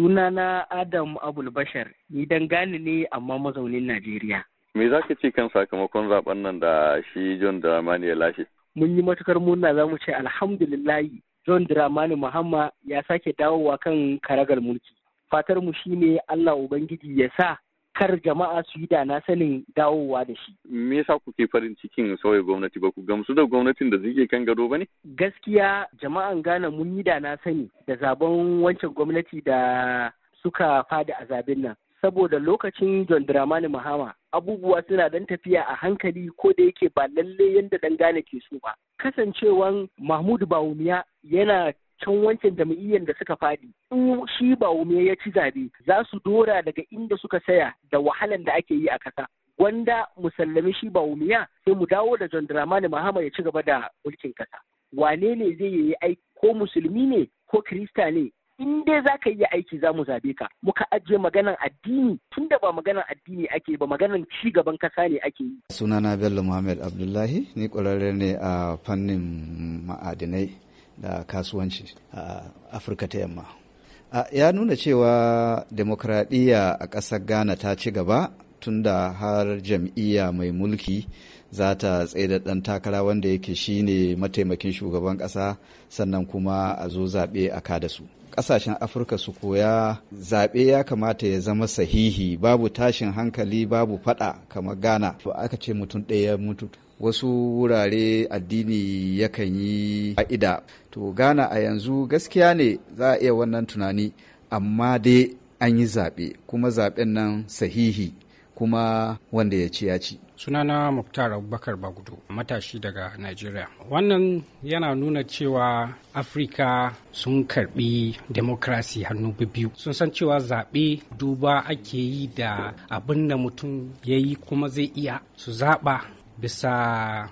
Sunana Adam Abulbashar, ni dan gane ne amma mazaunin Najeriya. Me za ka ce kan sakamakon zaɓen nan da shi John Dramani ya lashe? Mun yi matukar murna za mu ce alhamdulillahi John Dramani Muhammad ya sake dawowa kan karagar mulki. Fatar mu shi ne Allah Ubangiji ya sa kar jama'a su yi da sanin dawowa da shi. Me yasa kuke farin cikin sauya gwamnati ba ku gamsu da gwamnatin da zai kan gado ba ne? Gaskiya jama'an Ghana mun yi da sani da zaben wancan gwamnati da suka fada a zaben nan. Saboda lokacin John Dramani Mahama abubuwa suna dan tafiya a hankali ko da yake ba lalle yadda dan gane ke so ba. Kasancewan Mahmud Bawumiya yana can wancan jam'iyyar da suka fadi in shi ba ya ci zabe za su dora daga inda suka saya da wahalan da ake yi a kasa wanda musallami shi ba umiya sai mu dawo da John Dramani Mahama ya ci gaba da mulkin kasa wane ne zai yi aiki ko musulmi ne ko krista ne in dai za ka yi aiki za mu zabe ka muka ajiye maganan addini tunda ba maganar addini ake ba maganan ci gaban kasa ne ake yi sunana bello muhammad abdullahi ni kwararre ne a fannin ma'adinai da kasuwanci a afirka ta yamma ya nuna cewa demokradiyya a ƙasar ghana ta ci gaba tunda har jam'iyya mai mulki za ta tsaida ɗan takara wanda yake shine mataimakin shugaban ƙasa sannan kuma a zo zaɓe a kada su ƙasashen afirka su koya zaɓe ya kamata ya zama sahihi babu tashin hankali babu faɗa kamar ghana To aka ce mutum ɗaya mutu wasu wurare addini yakan yi a'ida to gana a yanzu gaskiya ne za a iya wannan tunani amma dai an yi zaɓe kuma zaɓen nan sahihi kuma wanda ya ci ya ci sunana muktar abubakar bagudu matashi daga nigeria wannan yana nuna cewa afirka sun karbi demokrasi hannu biyu sun san cewa zaɓe duba ake yi da abin da mutum ya yi kuma zai iya su zaɓa bisa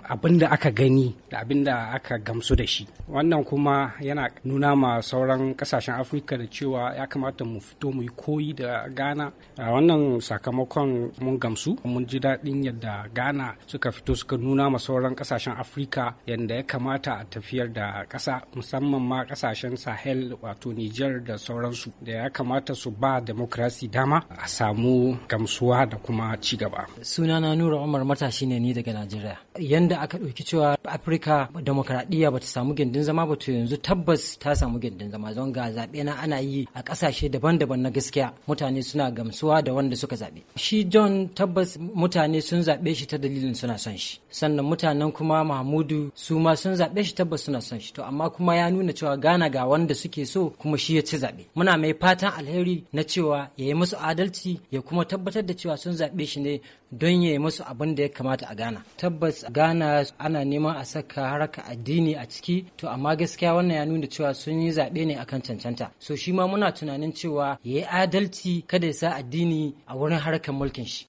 abin da aka gani da abin da aka gamsu da shi wannan kuma yana nuna ma sauran kasashen afirka da cewa ya kamata mu fito mu yi koyi da ghana wannan sakamakon mun gamsu mun ji daɗin yadda ghana suka fito suka nuna ma sauran kasashen afirka yadda ya kamata a tafiyar da ƙasa musamman ma kasashen sahel wato nijar da sauransu da ya kamata su ba demokrasi dama a samu gamsuwa da kuma ci gaba sunana nura umar matashi ne ni daga Najeriya. Yanda aka ɗauki cewa Afirka demokradiyya ba ta samu gindin zama ba to yanzu tabbas ta samu gindin zama don ga zaɓe na ana yi a ƙasashe daban-daban na gaskiya mutane suna gamsuwa da wanda suka zaɓe. Shi John tabbas mutane sun zaɓe shi ta dalilin suna son shi. Sannan mutanen kuma Mahmudu su ma sun zaɓe shi tabbas suna son shi to amma kuma ya nuna cewa gana ga wanda suke so kuma shi ya ci zaɓe. Muna mai fatan alheri na cewa ya yi musu adalci ya kuma tabbatar da cewa sun zaɓe shi ne don ya yi musu abin da ya kamata a gana Tabbas Ghana ana neman a saka haraka addini a ciki to amma gaskiya wannan ya nuna cewa sun yi zaɓe ne akan cancanta. So shi ma muna tunanin cewa ya yi adalci kada ya sa addini a wurin harkar mulkin shi.